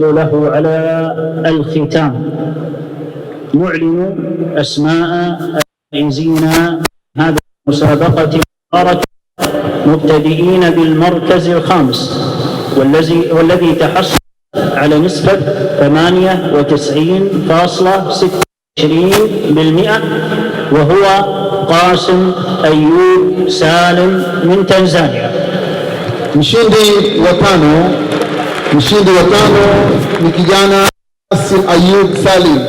له على الختام نعلن أسماء الفائزين هذه المسابقة المباركة مبتدئين بالمركز الخامس والذي والذي تحصل على نسبة 98.26% بالمئة وهو قاسم أيوب سالم من تنزانيا mshindi وطانو Mshindi wa tano ni kijana Kasim Ayub Salim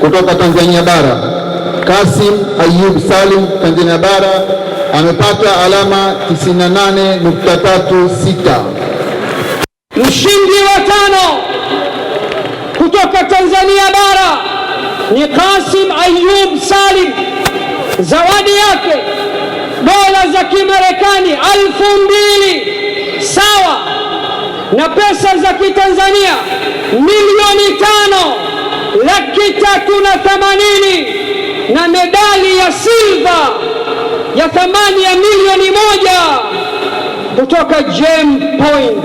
kutoka Tanzania Bara. Kasim Ayub Salim, Tanzania Bara, amepata alama 98.36. Mshindi wa tano kutoka Tanzania Bara ni Kasim Ayub Salim. Zawadi yake dola za Kimarekani elfu mbili. na pesa za Kitanzania milioni tano laki tatu na themanini na medali ya silva ya thamani ya milioni moja kutoka Gem Point.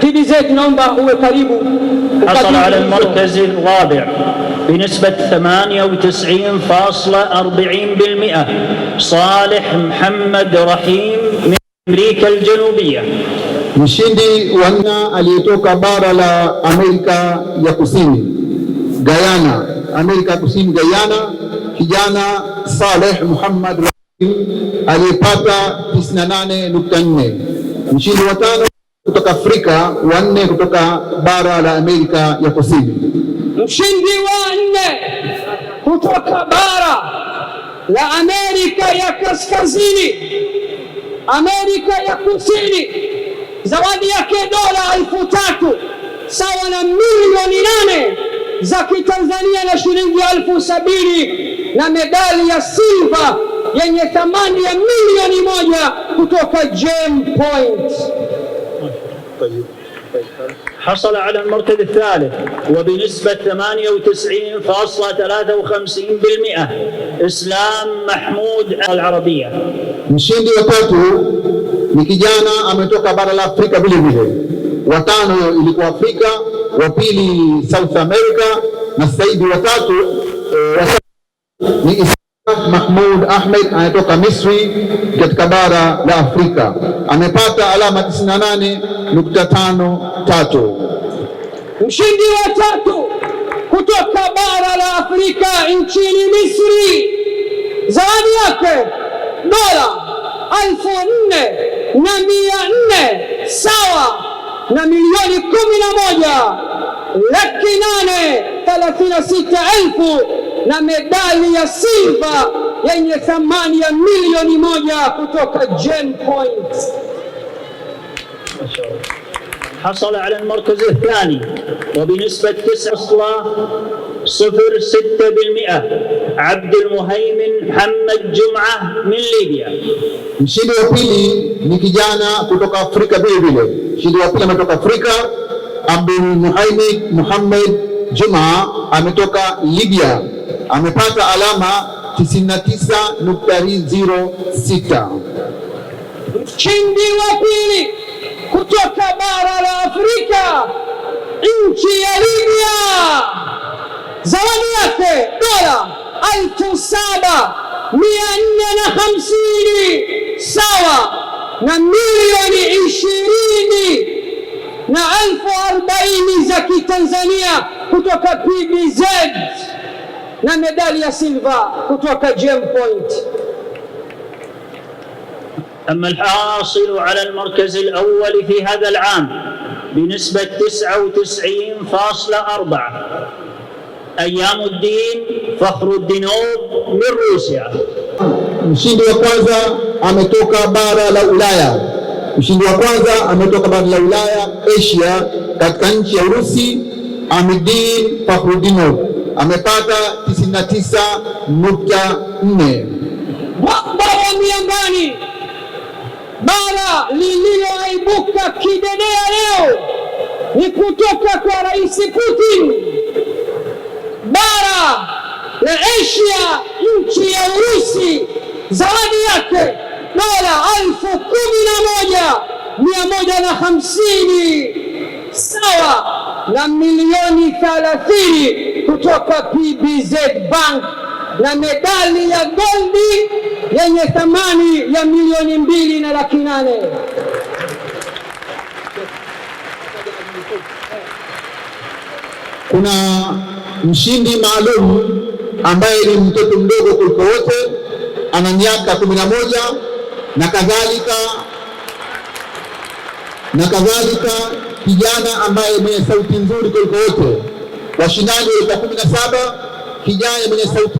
TVZ naomba uwe karibu. حصل على المركز الرابع بنسبة 98.40% صالح محمد رحيم من Amerika Aljanubia, mshindi wa nne aliyetoka bara la Amerika ya Kusini, Guyana, Amerika ya Kusini, Guyana, kijana Saleh Muhammad Rahim aliyepata 98.4. Mshindi wa tano kutoka Afrika, wa nne kutoka bara la Amerika ya Kusini. Mshindi wa nne kutoka bara la Amerika ya Kaskazini Amerika ya Kusini zawadi yake dola elfu tatu sawa na milioni nane za Kitanzania na shilingi elfu sabini na medali ya silva yenye thamani ya milioni moja kutoka jam Point. حصل على المرتبة الثالث وبنسبة 98.53% إسلام محمود العربية Mshindi wa tatu ni kijana ametoka bara la Afrika vile vile, watano ilikuwa Afrika, wa pili South America, na sasa hivi watatu eh, ni Ishaq Mahmud Ahmed anatoka Misri katika bara la Afrika, amepata alama 98.53. Mshindi wa tatu kutoka bara la Afrika nchini Misri, zawadi yake dola elfu nne na mia nne sawa na milioni kumi na moja laki nane thelathini na sita elfu na medali ya silva yenye thamani ya milioni moja kutoka Gen Point. حصل على المركز الثاني وبنسبة 9.06% Abdul Muhaimin Muhammad Juma min Libya. Mshindi wa pili ni kijana kutoka Afrika vile vile. Mshindi wa pili ametoka Afrika, Abdul Muhaimin Muhammad Juma ametoka Libya, amepata alama 99.06. Mshindi wa pili ألف سابا مئة خمسين سوا مليون عشرين نا ألف أربعين زكي تنزانيا كتوكا بي بي زد نا سيلفا كتوكا جيم بوينت أما الحاصل على المركز الأول في هذا العام بنسبة تسعة وتسعين فاصلة أربعة Ayamu Ddin Fakhruddin min Rusia. Mshindi wa kwanza ametoka bara la Ulaya, mshindi wa kwanza ametoka bara la Ulaya, Asia, katika nchi ya Urusi. Amidin Fakhruddin Oub amepata 99.4. Maktaba ya Miambani, bara lililoaibuka kidedea leo ni kutoka kwa Rais Putin bara la Asia, nchi ya Urusi, zawadi yake dola elfu kumi na moja mia moja na hamsini sawa na milioni thalathini kutoka PBZ Bank na medali ya goldi yenye thamani ya milioni mbili na laki nane. Kuna mshindi maalum ambaye ni mtoto mdogo kuliko wote, ana miaka kumi na moja na kadhalika na kadhalika, kijana ambaye mwenye sauti nzuri kuliko wote. Washindani walikuwa kumi na saba kijana mwenye sauti